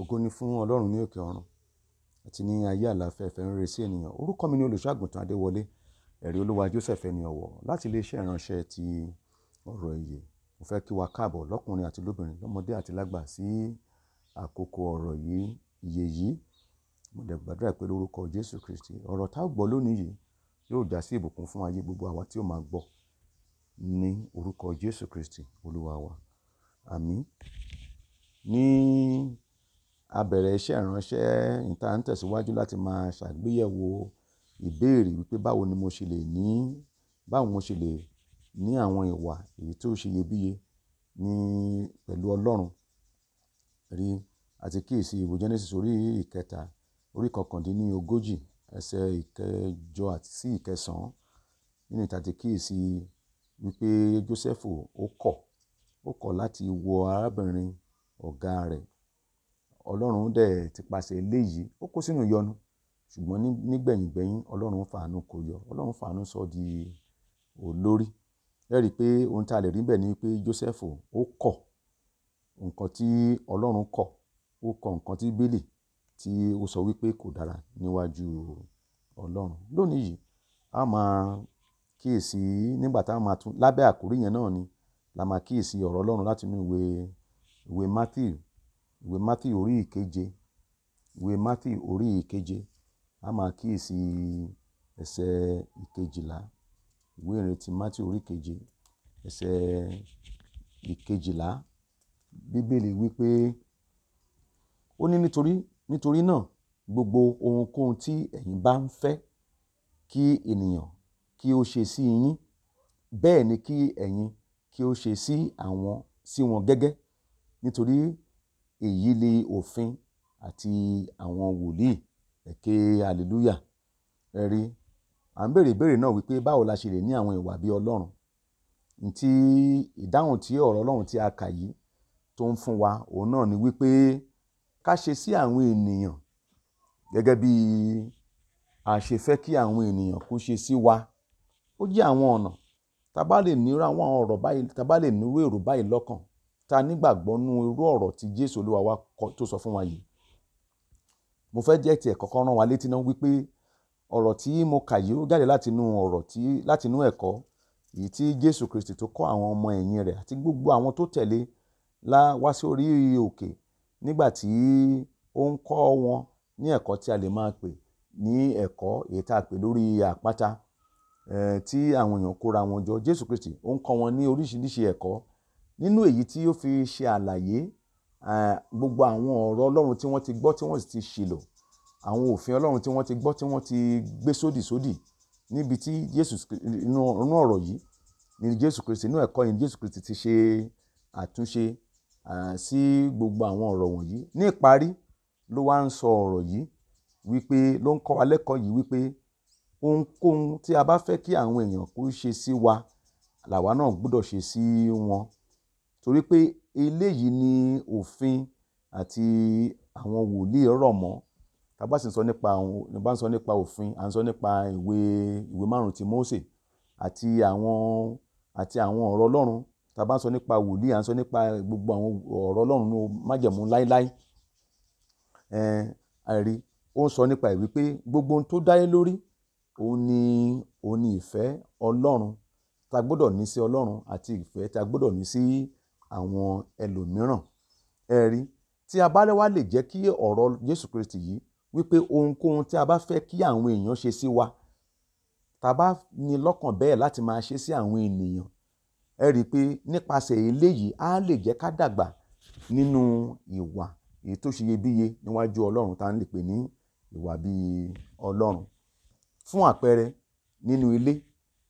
Ògo ni fún Ọlọ́run ní òkè ọ̀run àti ní ayé àlàáfíà ìfẹ́ rere sí ènìyàn. Orúkọ mi ni olùṣọ́àgùntàn Adéwọlé, ẹ̀rí Olúwa Joseph ẹni ọ̀wọ̀ láti iléeṣẹ́ ìránṣẹ́ ti ọ̀rọ̀ ìyè. Mo fẹ́ kí wa káàbọ̀ lọ́kùnrin àti lóbìnrin, lọ́mọdé àti lágbà sí àkókò ọ̀rọ̀ yìí, ìyè yìí. Mo dẹ̀ gbàdúrà pé lórúkọ Jésù Kristi, ọ̀rọ̀ tá a gbọ́ lónìí yìí yóò jásí ìbùkún fún ayé gbogbo àwa tí ó máa gbọ́ ní orúkọ Jésù Kristi Olúwa wa. Àmín. Ní a bẹ̀rẹ̀ iṣẹ́ ìránṣẹ́ ìta ń tẹ̀síwájú láti máa ṣàgbéyẹ̀wò ìbéèrè wípé báwo ni mo ṣe lè ní, báwo mo ṣe lè ní àwọn ìwà èyí tó ṣe iyebíye ní pẹ̀lú Ọlọ́run rí àti kíyèsi ìwé Genesis orí ìkẹta, orí kọkàndínní ogójì ẹsẹ̀ ìkẹjọ àti sí ìkẹsàn nínú ìta ti wípé Josẹfu ó kọ̀, ó kọ̀ láti wo arábìnrin ọ̀gá rẹ̀ ọlọ́run dẹ̀ ti paṣẹ eléyìí ó kó sínú ìyọnu ṣùgbọ́n nígbẹ̀yìngbẹ̀yìn ọlọ́run fàánú kó yọ ọlọ́run fàánú sọ di olórí ẹ rí i pé ohun tá a lè rí bẹ́ẹ̀ ni pé Jósẹ́fù ó kọ̀ nǹkan tí ọlọ́run kọ̀ ó kọ nǹkan tí bíbélì tí ó sọ wípé kò dára níwájú ọlọ́run lónìí yìí a máa kíyèsí nígbà tá a máa tún lábẹ́ àkórí yẹn náà ni la máa kíyèsí ọ̀rọ̀ ọlọ́run látinú ìwé ìwé Matthew Ìwé Matthew orí ìkeje, ìwé Matthew orí ìkeje, a máa kíyèsi ẹsẹ̀ ìkejìlá. Ìwé ìrìn ti Matthew orí ìkeje, ẹsẹ̀ ìkejìlá. Bíbélì wípé ó ní nítorí, nítorí náà gbogbo ohunkóhun tí ẹ̀yin bá ń fẹ́ kí ènìyàn kí ó ṣe sí yín, bẹ́ẹ̀ ni kí ẹ̀yin kí ó ṣe sí àwọn sí wọn gẹ́gẹ́. Nítorí èyí ni òfin àti àwọn wòlíì ẹ hallelujah. Ẹ rí, à ń bèèrè ìbéèrè náà wípé báwo la ṣe lè ní àwọn ìwà bí Ọlọ́run. Ohun tí ìdáhùn tí ọ̀rọ̀ Ọlọ́run tí a kà yìí tó ń fún wa, òun náà ni wípé ká ṣe sí àwọn ènìyàn gẹ́gẹ́ bí a fẹ́ kí àwọn ènìyàn kó ṣe sí wa. Ó jẹ́ àwọn ọ̀nà ta bá lè ní àwọn ọ̀rọ̀ báyìí, ta bá lè ní èrò báyìí lọ́kàn ta nígbàgbọ́ nú irú ọ̀rọ̀ tí Jésù Olúwa wa tó sọ fún wa yìí mo fẹ́ jẹ́ tiẹ̀ kọ́kọ́ rán wa létí náà wípé ọ̀rọ̀ tí mo kà yìí ó jáde látinú ọ̀rọ̀ tí látinú ẹ̀kọ́ èyí tí Jésù Kristi tó kọ́ àwọn ọmọ ẹ̀yìn rẹ̀ àti gbogbo àwọn tó tẹ̀lé la wá sí orí òkè nígbà tí ó ń kọ́ wọn ní ẹ̀kọ́ tí a lè máa pè ní ẹ̀kọ́ èyí tá a pè lórí àpáta eh, tí àwọn èèyàn kóra wọn jọ Jésù Kristi ó ń kọ́ wọn ní oríṣiríṣi ẹ̀kọ́ nínú èyí tí ó fi ṣe àlàyé gbogbo àwọn ọ̀rọ̀ ọlọ́run tí wọ́n ti gbọ́ tí wọ́n sì ti ṣìlò àwọn òfin ọlọ́run tí wọ́n ti gbọ́ tí wọ́n ti gbé sódì sódì níbi tí jésù inú ọ̀rọ̀ yìí ni jésù kristi inú ẹ̀kọ́ yìí ni jésù kristi ti ṣe àtúnṣe sí gbogbo àwọn ọ̀rọ̀ wọ̀nyí ní ìparí ló wá ń sọ ọ̀rọ̀ yìí wípé ló ń kọ́ wa lẹ́kọ̀ọ́ yìí wípé ohunkóhun tí a bá fẹ́ kí àwọn èèyàn kó ṣe sí wa làwa náà gbọ́dọ̀ ṣe sí wọn torí pé eléyìí ni òfin àti àwọn wòlíì rọ̀ mọ́. Tí a bá sì ń sọ nípa àwọn, tí a bá ń sọ nípa òfin, à ń sọ nípa ìwé, ìwé márùn ti Mósè àti àwọn, àti àwọn ọ̀rọ̀ Ọlọ́run. Tí a bá ń sọ nípa wòlíì, à ń sọ nípa gbogbo àwọn ọ̀rọ̀ Ọlọ́run nínú májẹ̀mú láíláí. Ehn, a rí, ó ń sọ nípa ẹ̀ wípé gbogbo ohun tó dáyé lórí, òun ni, òun ni ìfẹ́ Ọlọ́run tí a gbọdọ̀ ní sí Ọlọ́run àti ìfẹ́ tí a gbọdọ̀ ní sí àwọn ẹlòmíràn. Ẹ rí, tí a bá wá lè jẹ́ kí ọ̀rọ̀ Jésù Kristi yìí wípé ohunkóhun tí a bá fẹ́ kí àwọn èèyàn ṣe sí wa, ta bá ní lọ́kàn bẹ́ẹ̀ láti máa ṣe sí àwọn ènìyàn, ẹ rí i pé nípasẹ̀ eléyìí a lè jẹ́ ká dàgbà nínú ìwà èyí tó ṣe iyebíye níwájú Ọlọ́run ta lè pè ní ìwà bí Ọlọ́run. Fún àpẹẹrẹ, nínú ilé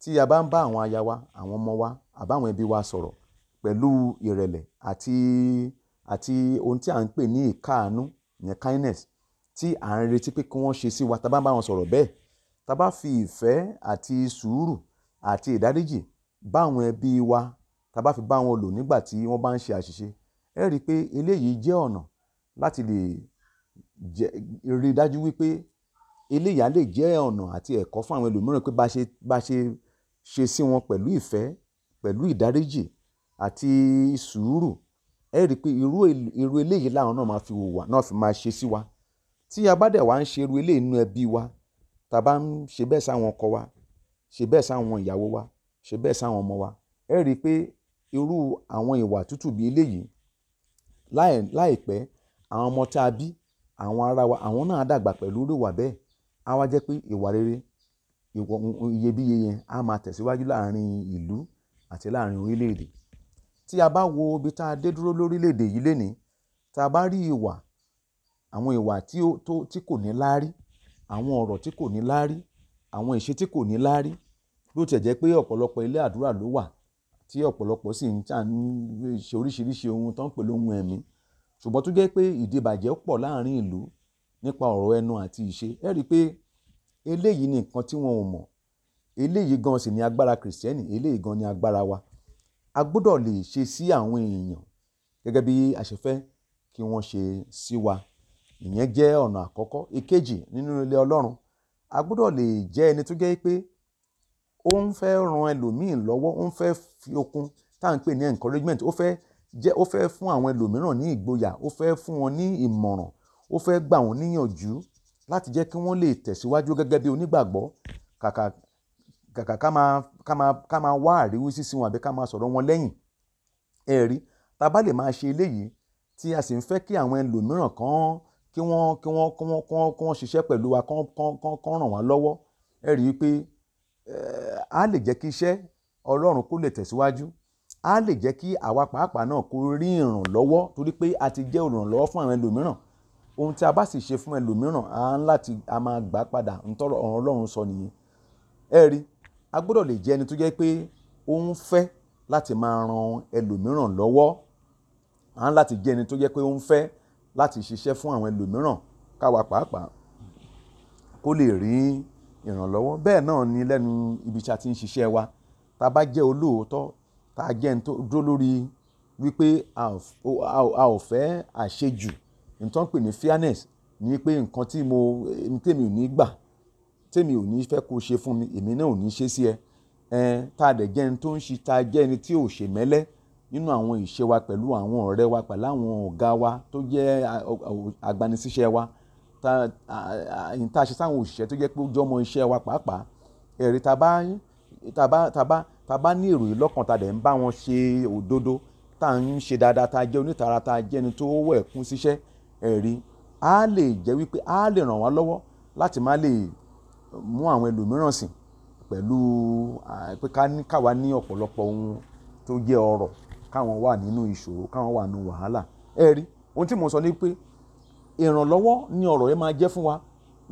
tí a bá ń bá àwọn aya wa, àwọn ọmọ wa àbáwọn ẹbí wa sọ̀rọ̀, pẹ̀lú ìrẹ̀lẹ̀ àti àti ohun tí à ń pè ní ìkáàánú ìyẹn kindness tí à ń retí pé kí wọ́n ṣe sí wa tá a bá ń bá wọn sọ̀rọ̀ bẹ́ẹ̀ tá a bá fi ìfẹ́ àti sùúrù àti ìdáríjì bá àwọn ẹbí wa tá a bá fi bá wọn lò nígbà tí wọ́n bá ń ṣe àṣìṣe ẹ rí i pé eléyìí jẹ́ ọ̀nà láti lè jẹ́ rí i dájú wípé eléyìí á lè jẹ́ ọ̀nà àti ẹ̀kọ́ fún àwọn ẹlòmíràn pé bá ṣe bá ṣe ṣe sí wọn pẹ̀lú ìfẹ́ pẹ̀lú ìdáríjì àti sùúrù ẹ rí i pé irú irú eléyìí làwọn náà máa fi hùwà náà fi máa ṣe sí wa tí a bá dẹ̀ wá ń ṣe irú eléyìí nínú ẹbí wa tá a bá ń ṣe bẹ́ẹ̀ sáwọn ọkọ wa ṣe bẹ́ẹ̀ sáwọn ìyàwó wa ṣe bẹ́ẹ̀ sáwọn ọmọ wa ẹ rí i pé irú àwọn ìwà tútù bíi eléyìí láì láìpẹ́ àwọn ọmọ tá a bí àwọn ará wa àwọn náà dàgbà pẹ̀lú irú ìwà bẹ́ẹ̀ á wá jẹ́ pé ìwà rere iyebíye yẹn á máa tẹ̀síwájú láàrin ìlú àti láàrin orílẹ̀-èdè tí a bá wo ibi tá a dé dúró lórílẹ̀‐èdè yìí lénìí tá a bá rí ìwà àwọn ìwà tí ó tó tí kò ní láárí àwọn ọ̀rọ̀ tí kò ní láárí àwọn ìṣe tí kò ní láárí bí ó tiẹ̀ jẹ́ pé ọ̀pọ̀lọpọ̀ ilé àdúrà ló wà tí ọ̀pọ̀lọpọ̀ sì ń tà ń ṣe oríṣiríṣi ohun tó ń pè lóhun ẹ̀mí ṣùgbọ́n tó jẹ́ pé ìdìbàjẹ́ pọ̀ láàrin ìlú nípa ọ̀rọ̀ ẹnu àti ìṣe ẹ rí i pé eléyìí ni nǹkan tí wọn ò mọ̀ eléyìí gan sì ni agbára kìrìsìtẹ́nì eléyìí gan ni agbára wa a gbọ́dọ̀ lè ṣe sí àwọn èèyàn gẹ́gẹ́ bí a ṣe fẹ́ kí wọ́n ṣe sí wa ìyẹn jẹ́ ọ̀nà àkọ́kọ́ ìkejì nínú ilé ọlọ́run a gbọ́dọ̀ lè jẹ́ ẹni tó jẹ́ pé ó ń fẹ́ ran ẹlòmíì lọ́wọ́ ó ń fẹ́ fi okun tá à ń pè ní encouragement ó fẹ́ jẹ́ ó fẹ́ fún àwọn ẹlòmíràn ní ìgboyà ó fẹ́ fún wọn ní ìmọ̀ràn ó fẹ́ gbà wọ́n níyànjú láti jẹ́ kí wọ́n lè tẹ̀síwájú gẹ́gẹ́ bí onígbàgbọ́ kàkà kàkà ká máa ká máa ká máa wá àríwísí sí wọn àbí ká máa sọ̀rọ̀ wọn lẹ́yìn ẹ rí tá a bá lè máa ṣe eléyìí tí a sì ń fẹ́ kí àwọn ẹlòmíràn kan kí wọ́n kí wọ́n kí wọ́n kí wọ́n kí wọ́n ṣiṣẹ́ pẹ̀lú wa kán kán kán kán ràn wá lọ́wọ́ ẹ rí i pé a lè jẹ́ kí iṣẹ́ Ọlọ́run kó lè tẹ̀síwájú a lè jẹ́ kí àwa pàápàá náà kó rí ìrànlọ́wọ́ torí pé a ti jẹ́ olùrànlọ́wọ́ fún àwọn ẹlòmíràn ohun tí a bá sì ṣe fún ẹlòmíràn à ń láti a máa gbà padà ntọ́rọ̀ ọ̀rọ̀ Ọlọ́run sọ nìyẹn ẹ rí i a gbọ́dọ̀ lè jẹ́ ẹni tó jẹ́ pé ó ń fẹ́ láti máa ran ẹlòmíràn lọ́wọ́ à ń láti jẹ́ ẹni tó jẹ́ pé ó ń fẹ́ láti ṣiṣẹ́ fún àwọn ẹlòmíràn káwa pàápàá kó lè rí ìrànlọ́wọ́ bẹ́ẹ̀ náà ni lẹ́nu ibi tí a ti ń ṣiṣẹ́ wa tá a bá jẹ́ olóòótọ́ tá a jẹ́ ẹni tó dúró lórí wípé a ò fẹ́ àṣejù nǹkan pè ní fairness ní pé nǹkan tí mo tèmi ò ní gbà tèmi ò ní fẹ́ kó ṣe fún mi èmi náà ò ní ṣe sí ẹ ẹn tá a dẹ̀ jẹ́ ẹni tó ń ṣe tá a jẹ́ ẹni tí ò ṣe mẹ́lẹ́ nínú àwọn ìṣe wa pẹ̀lú àwọn ọ̀rẹ́ wa pẹ̀lú àwọn ọ̀gá wa tó jẹ́ agbanisíṣẹ́ wa tá a ṣe sáwọn òṣìṣẹ́ tó jẹ́ pé ó jọmọ iṣẹ́ wa pàápàá ẹ̀rí tá a bá ta bá ní ìròyìn lọ́kàn ta dẹ̀ ń bá wọn ṣe òdodo tá à ń ṣe dáadáa ta jẹ́ onítara ta jẹ́ ẹni tó wẹ̀ kún síṣẹ́ ẹ̀rí á lè jẹ́ wípé á lè ràn wá lọ́wọ́ láti má lè mú àwọn ẹlòmíràn sìn pẹ̀lú pé ká ní káwa ní ọ̀pọ̀lọpọ̀ ohun tó jẹ́ ọrọ̀ káwọn wà nínú ìṣòro káwọn wà nínú wàhálà ẹ rí ohun tí mo sọ ni pé ìrànlọ́wọ́ ni ọ̀rọ̀ yẹn máa jẹ́ fún wa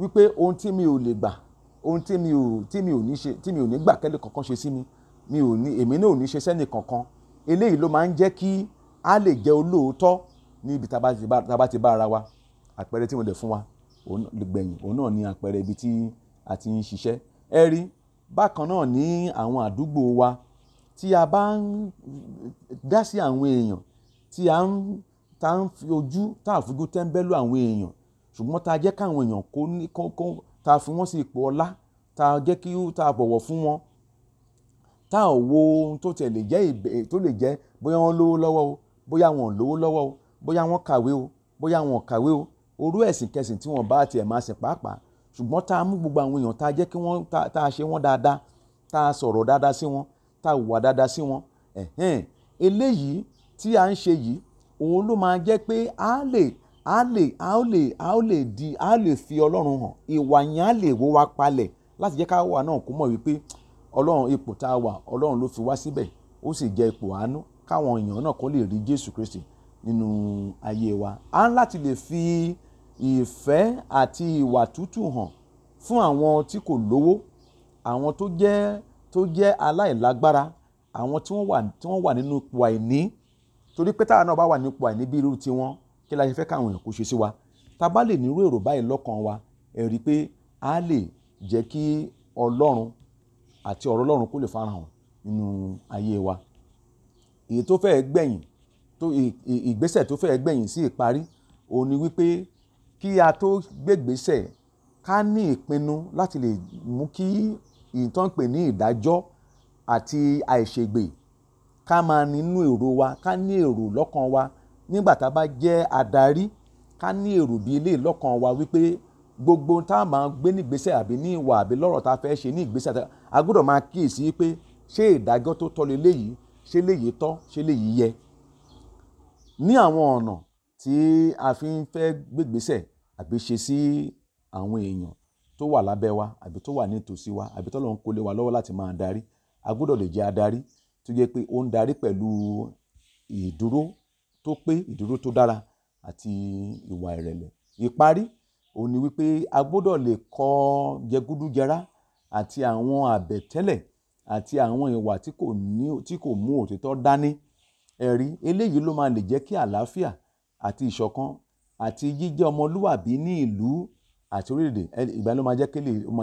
wípé ohun tí mi ò lè gbà ohun tí mi ò tí mi ò ní ṣe tí mi ò ní gbà kẹ́lẹ́ kankan ṣe sí mi mi ò èmi náà ò ní ṣe sẹ́nì kankan eléyìí ló máa ń jẹ́ kí a lè jẹ́ olóòótọ́ ní tá a bá ti bá ara wa àpẹẹrẹ tí mo lè fún wa gbẹ̀yìn òun náà ni àpẹẹrẹ ibi tí àti ń ṣiṣẹ́ ẹ rí bákan náà ní àwọn àdúgbò wa tí a bá ń dá sí àwọn èèyàn tí a ń ta ń fi ojú tá a fojú tẹ́ńbẹ́lú àwọn èèyàn ṣùgbọ́n tá a jẹ́ káwọn èèyàn kó ní kókó tá a fi wọ́n sí ipò ọlá tá jẹ́ kí tá bọ̀wọ̀ fún wọn tá a wo ohun tó tẹ̀ lè jẹ́ ìbẹ̀ tó lè jẹ́ bóyá wọ́n lówó lọ́wọ́ o bóyá wọn ò lówó lọ́wọ́ o bóyá wọ́n kàwé o bóyá wọn kàwé o orú ẹ̀sìn kẹsìn tí wọ́n bá tiẹ̀ máa sìn pàápàá ṣùgbọ́n tá a mú gbogbo àwọn èèyàn tá a jẹ́ kí wọ́n tá a ṣe wọ́n dáadáa tá a sọ̀rọ̀ dáadáa sí wọn tá a hùwà dáadáa sí wọn eléyìí tí a ń ṣe yìí òun ló máa jẹ́ pé a lè a lè a lè a lè di a lè fi ọlọ́run hàn ìwà yẹn a lè wó wa palẹ̀ láti jẹ́ ká wà náà kó mọ̀ wípé ọlọ́run ipò tá a wà ọlọ́run ló fi wá síbẹ̀ ó sì jẹ́ ipò àánú káwọn èèyàn náà kó lè rí Jésù Kristi nínú ayé wa a ń láti lè fi ìfẹ́ àti ìwà tútù hàn fún àwọn tí kò lówó àwọn tó jẹ́ tó jẹ́ aláìlágbára àwọn tí wọ́n wà tí wọ́n wà nínú ipò àìní torí pé táwa náà bá wà ní ipò àìní bí irú tiwọn kí la ṣe fẹ́ káwọn èèyàn kó ṣe sí wa tá a bá lè nírú èrò báyìí lọ́kàn wa ẹ pé a lè jẹ́ kí ọlọ́run àti ọ̀rọ̀ ọlọ́run kó lè farahàn nínú ayé wa èyí tó fẹ́ẹ́ gbẹ̀yìn ìgbésẹ̀ tó fẹ́ẹ́ gbẹ̀yìn sí ìparí òun ni wípé kí a tó gbégbésẹ̀ ká ní ìpinnu láti lè mú kí ìtàn pè ní ìdájọ́ àti àìṣègbè ká máa nínú èrò wa ká ní èrò lọ́kàn wa nígbà tá a bá jẹ́ adarí ká ní èrò bíi ilé lọ́kàn wa wípé gbogbo tá a máa gbé ní ìgbésẹ̀ àbí ní ìwà àbí lọ́rọ̀ tá a fẹ́ ṣe ní ìgbésẹ̀ a gbọ́dọ̀ máa kíyèsí pé ṣé ìdájọ́ tó tọ́ lé léyìí ṣé léyìí tọ́ ṣé léyìí yẹ ní àwọn ọ̀nà tí a fi ń fẹ́ gbégbésẹ̀ àbí ṣe sí àwọn èèyàn tó wà lábẹ́ wa àbí tó wà nítòsí wa àbí tọ́lọ́run kó lé wa lọ́wọ́ láti máa darí a gbọ́dọ̀ lè jẹ́ adarí tó jẹ́ pé ó ń darí pẹ̀lú ìdúró tó pé ìdúró tó dára àti ìwà ìrẹ̀lẹ̀ ìparí òun ni wípé a gbọ́dọ̀ lè kọ́ jẹgúdújẹrá àti àwọn àbẹ̀tẹ́lẹ̀ àti àwọn ìwà tí kò mú òtítọ́ dání ẹ̀rí eléyìí ló máa lè jẹ́ kí àlàáfíà àti ìṣọ̀kan àti jíjẹ́ ọmọlúwàbí ní ìlú àti orílẹ̀-èdè ìgbà ló máa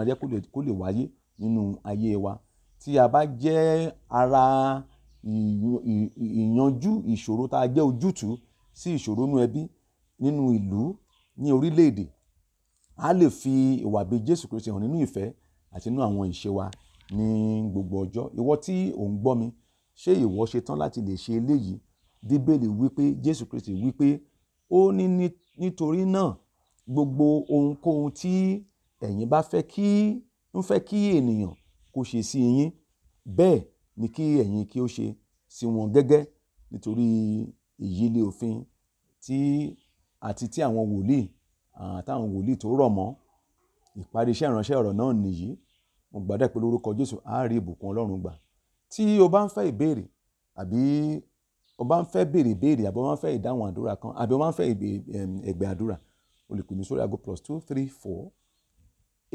jẹ́ kí kó lè wáyé nínú ayé wa tí a bá jẹ́ ara ìyanjú ìṣòro tá a jẹ́ ojútùú sí ìṣòro inú ẹbí nínú ìlú ní orílẹ̀-èdè a lè fi ìwà bí Jésù Kristi hàn nínú ìfẹ́ àti nínú àwọn ìṣe wa ní gbogbo ọjọ́ ìwọ tí ò ń gbọ́ mi ṣé ìwọ ṣetán láti lè ṣe eléyìí bíbélì wípé jésù kristi wípé ó ní nítorí náà gbogbo ohunkóhun tí ẹ̀yin bá fẹ́ kí ń fẹ́ kí ènìyàn kó ṣe sí yín bẹ́ẹ̀ ni kí ẹ̀yin kí ó ṣe sí wọn gẹ́gẹ́ nítorí èyí lé òfin tí àti tí àwọn wòlíì àtàwọn wòlíì tó rọ̀ mọ́ ìparí iṣẹ́ ìránṣẹ́ ọ̀rọ̀ náà nìyí mo gbàdá pé lórúkọ jésù á ìbùkún ọlọ́run gbà tí o bá ń fẹ́ ìbéèrè àbí o bá ń fẹ́ béèrè béèrè àbí o bá ń fẹ́ ìdáhùn àdúrà kan àbí o bá ń fẹ́ ẹgbẹ́ àdúrà o lè pè mí sórí aago plus two three four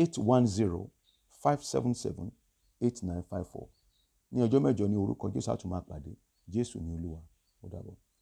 eight one zero five seven seven eight nine five four ní ọjọ́ mẹ́jọ ní orúkọ Jésù àtúmọ̀ àpàdé Jésù ní Olúwa ó dàbọ̀.